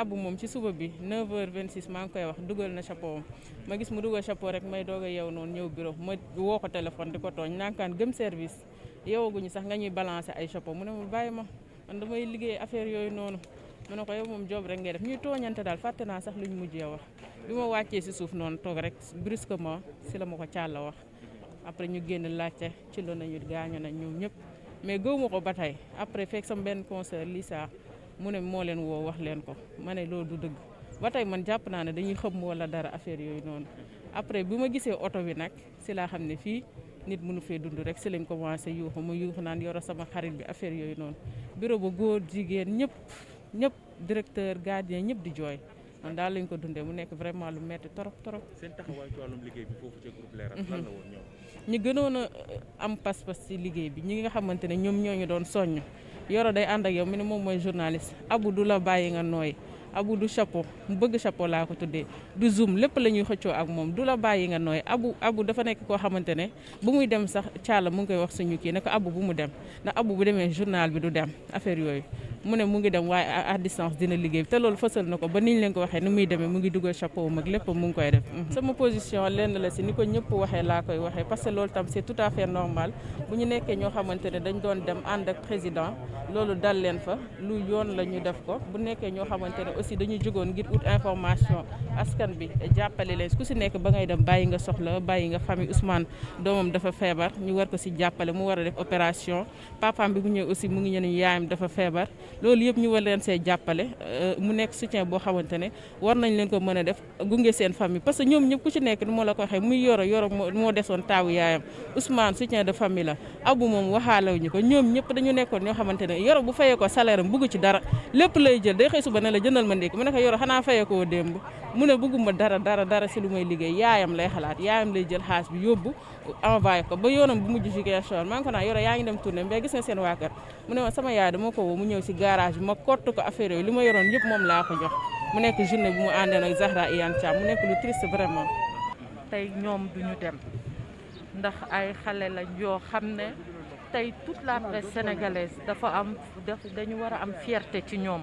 abu moom ci suba bi 9h26 maa ngi koy wax dugal na chapeau ma gis mu dugal chapeau rek may doog a yeew noonu ñëw bureau ma woo ko téléphone di ko tooñ nankaan gëm service yeewaguñu sax nga ñuy balancer ay chapeau mu ne ma bàyyi ma man damay liggéey affaire yooyu noonu mu ne ko yow moom job rek ngay def ñuy tooñante daal fàtte naa sax luñ mujjee wax bi ma wàccee si suuf noonu toog rek brusquement si la ma ko càlla wax après ñu génn laajte ci lo nañu gaañu nañ ñoom ñëpp mais gëw ma ko ba tey après fekk sama benn concert lii saa mu ne moo leen woo wax leen ko ma ne loolu du dëgg ba tey man jàpp naa ne dañuy xëm wala dara affaire yooyu noonu après bi ma gisee oto bi nag si laa xam ne fii nit mënu fee dund rek si lañ commencé yuuxu mu yuuxu naan yoro sama xarit bi affaire yooyu noonu bureau ba góor jigéen ñëpp ñëpp directeur gardien ñëpp di jooy noonu daal lañ ko dundee mu nekk vraiment lu metti torop torop. seen taxawaay liggéey bi foofu mhm. gënoon a euh, am pas-pas ci liggéey bi ñi nga xamante ne ñoom ñoo ñu doon soññ yoro day ànd ak yow mu ne moom mooy journaliste abu du la bàyyi nga nooy abu du chapeau mu bëgg chapeau laa ko tuddee du zoom lépp la ñuy xëccoo ak moom du la bàyyi nga nooy abu abu dafa nekk koo xamante ne bu muy dem sax caala mu ngi koy wax suñu kii ne abu bu mu dem ndax abu bu demee journal bi du dem affaire yooyu mu ne mu ngi dem waaye à distance dina liggéey te loolu fësal na ko ba niñ leen ko waxee ni muy demee mu ngi dugal chapeau mag lépp mu ngi koy def mhm. sama position lenn la si ni ko ñëpp waxee laa koy waxee parce que loolu tam c'est tout à fait normal bu ñu nekkee ñoo xamante ne dañ doon dem ànd ak président loolu dal leen fa lu yoon la ñu def ko bu nekkee ñoo xamante ne aussi dañu jógoon ngir ut information askan bi jàppale leen ku si nekk ba ngay dem bàyyi nga soxla bàyyi nga famille Ousmane doomam dafa feebar ñu war ko si jàppale mu war a def opération papaam bi mu ñëw aussi mu ngi ñëw yaayam dafa feebar loolu yëpp ñu war leen see jàppale euh, mu nekk soutien boo xamante ne war nañ leen ko mën a def gunge seen famille parce que ñoom ñëpp ku ci nekk ni moo la ko waxee muy yoro yoro moo desoon taawu yaayam Ousmane soutien de famille la abu moom waxaalewuñu ko ñoom ñëpp dañu nekkoon ñoo xamante ne yoro bu fayee ko salaire am bugg ci dara lépp lay jël day xëy suba ne la jëndal ma ndékki mu ne ko yoro xanaa fayee koo démb mu ne bëgguma dara dara dara si lu may liggéey yaayam lay xalaat yaayam lay jël xaalis bi yóbbu envoyé ko ba yoonam bu mujj si question maa ngi ko naan yore yaa ngi dem tournée mais gis nga seen waa mu ne ma sama yaay dama ko woo mu ñëw si garage bi ma kott ko affaire yooyu li ma yoroon yëpp moom laa ko jox mu nekk journée bi mu àndee ak Zahra Iyane Thiam mu nekk lu triste vraiment. tey ñoom duñu dem ndax ay xale lañ yoo xam ne tey toute la presse sénégalaise dafa am dañu war am fierté ci ñoom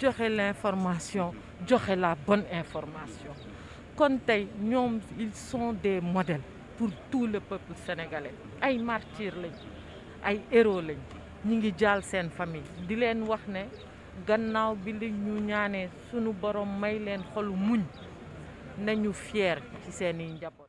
joxe l'information joxe la bonne information ils sont des modèles pour tout le peuple sénégalais ay martyrs lañ ay héros lañ ñi ngi famille di leen wax ne gannaaw bi li ñu sunu borom may leen xolu muñ nañu fier ci